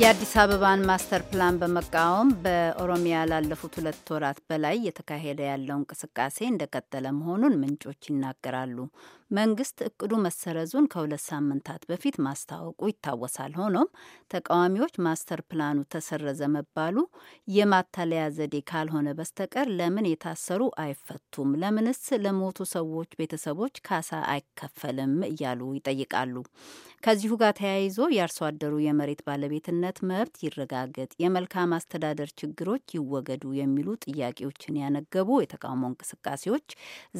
የአዲስ አበባን ማስተር ፕላን በመቃወም በኦሮሚያ ላለፉት ሁለት ወራት በላይ እየተካሄደ ያለው እንቅስቃሴ እንደቀጠለ መሆኑን ምንጮች ይናገራሉ። መንግስት እቅዱ መሰረዙን ከሁለት ሳምንታት በፊት ማስታወቁ ይታወሳል። ሆኖም ተቃዋሚዎች ማስተር ፕላኑ ተሰረዘ መባሉ የማታለያ ዘዴ ካልሆነ በስተቀር ለምን የታሰሩ አይፈቱም? ለምንስ ለሞቱ ሰዎች ቤተሰቦች ካሳ አይከፈልም? እያሉ ይጠይቃሉ። ከዚሁ ጋር ተያይዞ የአርሶ አደሩ የመሬት ባለቤትነት የእኩልነት መብት ይረጋገጥ፣ የመልካም አስተዳደር ችግሮች ይወገዱ የሚሉ ጥያቄዎችን ያነገቡ የተቃውሞ እንቅስቃሴዎች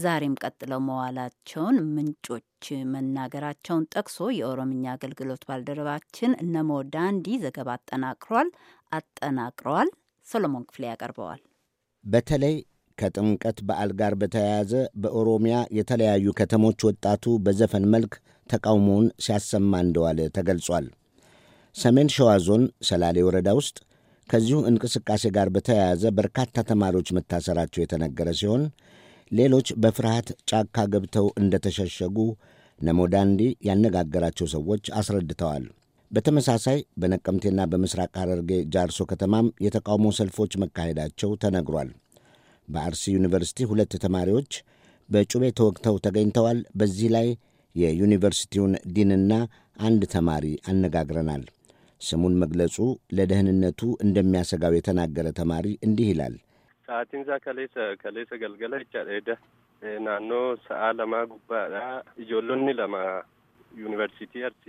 ዛሬም ቀጥለው መዋላቸውን ምንጮች መናገራቸውን ጠቅሶ የኦሮምኛ አገልግሎት ባልደረባችን ነሞ ዳንዲ ዘገባ አጠናቅሯል አጠናቅረዋል። ሰሎሞን ክፍሌ ያቀርበዋል። በተለይ ከጥምቀት በዓል ጋር በተያያዘ በኦሮሚያ የተለያዩ ከተሞች ወጣቱ በዘፈን መልክ ተቃውሞውን ሲያሰማ እንደዋለ ተገልጿል። ሰሜን ሸዋ ዞን ሰላሌ ወረዳ ውስጥ ከዚሁ እንቅስቃሴ ጋር በተያያዘ በርካታ ተማሪዎች መታሰራቸው የተነገረ ሲሆን ሌሎች በፍርሃት ጫካ ገብተው እንደተሸሸጉ ነሞዳንዲ ያነጋገራቸው ሰዎች አስረድተዋል። በተመሳሳይ በነቀምቴና በምስራቅ ሐረርጌ ጃርሶ ከተማም የተቃውሞ ሰልፎች መካሄዳቸው ተነግሯል። በአርሲ ዩኒቨርሲቲ ሁለት ተማሪዎች በጩቤ ተወግተው ተገኝተዋል። በዚህ ላይ የዩኒቨርሲቲውን ዲንና አንድ ተማሪ አነጋግረናል። ስሙን መግለጹ ለደህንነቱ እንደሚያሰጋው የተናገረ ተማሪ እንዲህ ይላል። ሰአቲንዛ ከሌሰ ከሌሰ ገልገለ ይቻደ ናኖ ሰአ ለማ ጉባ እጆሎኒ ለማ ዩኒቨርሲቲ አርሲ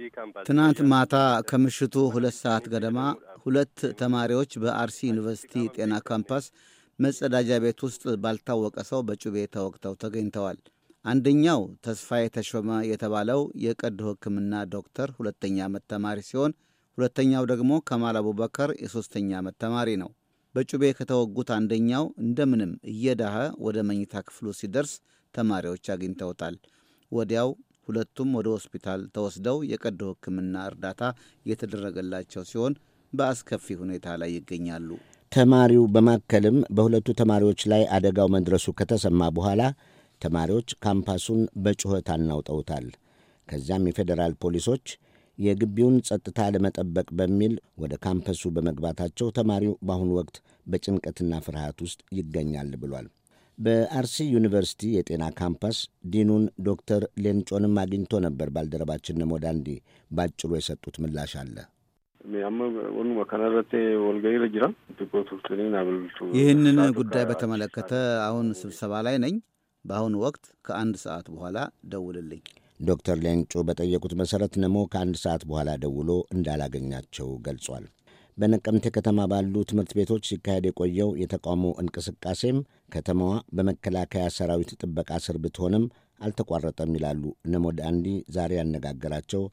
ትናንት ማታ ከምሽቱ ሁለት ሰዓት ገደማ ሁለት ተማሪዎች በአርሲ ዩኒቨርሲቲ ጤና ካምፓስ መጸዳጃ ቤት ውስጥ ባልታወቀ ሰው በጩቤ ተወቅተው ተገኝተዋል። አንደኛው ተስፋዬ ተሾመ የተባለው የቀዶ ሕክምና ዶክተር ሁለተኛ ዓመት ተማሪ ሲሆን ሁለተኛው ደግሞ ከማል አቡበከር የሦስተኛ ዓመት ተማሪ ነው። በጩቤ ከተወጉት አንደኛው እንደምንም እየዳኸ ወደ መኝታ ክፍሉ ሲደርስ ተማሪዎች አግኝተውታል። ወዲያው ሁለቱም ወደ ሆስፒታል ተወስደው የቀዶ ሕክምና እርዳታ የተደረገላቸው ሲሆን በአስከፊ ሁኔታ ላይ ይገኛሉ። ተማሪው በማከልም በሁለቱ ተማሪዎች ላይ አደጋው መድረሱ ከተሰማ በኋላ ተማሪዎች ካምፓሱን በጩኸት አናውጠውታል። ከዚያም የፌዴራል ፖሊሶች የግቢውን ጸጥታ ለመጠበቅ በሚል ወደ ካምፐሱ በመግባታቸው ተማሪው በአሁኑ ወቅት በጭንቀትና ፍርሃት ውስጥ ይገኛል ብሏል። በአርሲ ዩኒቨርሲቲ የጤና ካምፓስ ዲኑን ዶክተር ሌንጮንም አግኝቶ ነበር። ባልደረባችን ነሞዳ እንዲ ባጭሩ የሰጡት ምላሽ አለ። ይህንን ጉዳይ በተመለከተ አሁን ስብሰባ ላይ ነኝ። በአሁኑ ወቅት ከአንድ ሰዓት በኋላ ደውልልኝ። ዶክተር ሌንጮ በጠየቁት መሠረት ነሞ ከአንድ ሰዓት በኋላ ደውሎ እንዳላገኛቸው ገልጿል። በነቀምቴ ከተማ ባሉ ትምህርት ቤቶች ሲካሄድ የቆየው የተቃውሞ እንቅስቃሴም ከተማዋ በመከላከያ ሰራዊት ጥበቃ ስር ብትሆንም አልተቋረጠም ይላሉ ነሞ ዳንዲ ዛሬ ያነጋገራቸው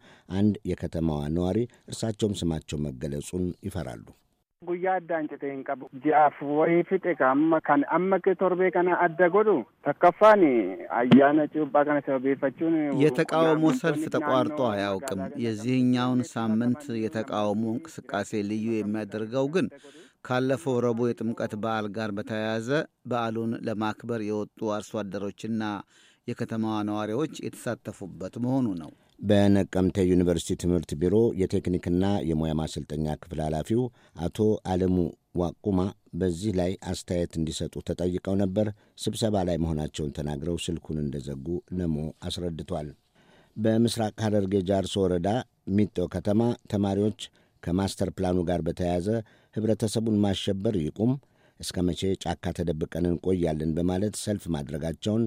አንድ የከተማዋ ነዋሪ። እርሳቸውም ስማቸው መገለጹን ይፈራሉ። Guyyaa adda ancitee hin qabu. Ji'aaf wayii fixe amma kan amma torbee kana adda godhu takkaፋን አያነ ጭባ ከነ ሰበቤፈችን የተቃውሞ ሰልፍ ተቋርጦ አያውቅም። የዚህኛውን ሳምንት የተቃውሞ እንቅስቃሴ ልዩ የሚያደርገው ግን ካለፈው ረቡዕ የጥምቀት በዓል ጋር በተያያዘ በዓሉን ለማክበር የወጡ አርሶ አደሮችና የከተማዋ ነዋሪዎች የተሳተፉበት መሆኑ ነው። በነቀምተ ዩኒቨርሲቲ ትምህርት ቢሮ የቴክኒክና የሙያ ማሰልጠኛ ክፍል ኃላፊው አቶ አለሙ ዋቁማ በዚህ ላይ አስተያየት እንዲሰጡ ተጠይቀው ነበር። ስብሰባ ላይ መሆናቸውን ተናግረው ስልኩን እንደዘጉ ነሞ አስረድቷል። በምስራቅ ሐረርጌ ጃርሶ ወረዳ ሚጦ ከተማ ተማሪዎች ከማስተር ፕላኑ ጋር በተያያዘ ህብረተሰቡን ማሸበር ይቁም፣ እስከ መቼ ጫካ ተደብቀን እንቆያለን በማለት ሰልፍ ማድረጋቸውን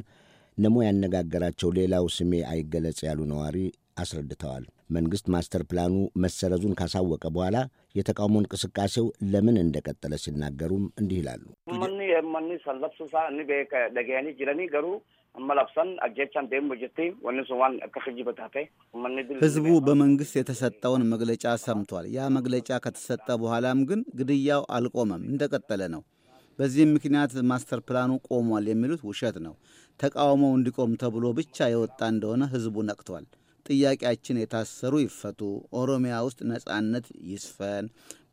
ለሞ ያነጋገራቸው ሌላው ስሜ አይገለጽ ያሉ ነዋሪ አስረድተዋል። መንግሥት ማስተር ፕላኑ መሰረዙን ካሳወቀ በኋላ የተቃውሞ እንቅስቃሴው ለምን እንደቀጠለ ሲናገሩም እንዲህ ይላሉ። ህዝቡ በመንግስት የተሰጠውን መግለጫ ሰምቷል። ያ መግለጫ ከተሰጠ በኋላም ግን ግድያው አልቆመም፣ እንደቀጠለ ነው። በዚህም ምክንያት ማስተር ፕላኑ ቆሟል የሚሉት ውሸት ነው። ተቃውሞው እንዲቆም ተብሎ ብቻ የወጣ እንደሆነ ህዝቡ ነቅቷል። ጥያቄያችን የታሰሩ ይፈቱ፣ ኦሮሚያ ውስጥ ነጻነት ይስፈን፣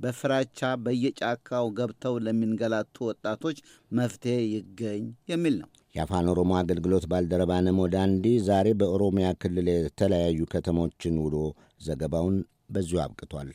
በፍራቻ በየጫካው ገብተው ለሚንገላቱ ወጣቶች መፍትሄ ይገኝ የሚል ነው። የአፋን ኦሮሞ አገልግሎት ባልደረባ ነሞ ዳንዲ ዛሬ በኦሮሚያ ክልል የተለያዩ ከተሞችን ውሎ ዘገባውን በዚሁ አብቅቷል።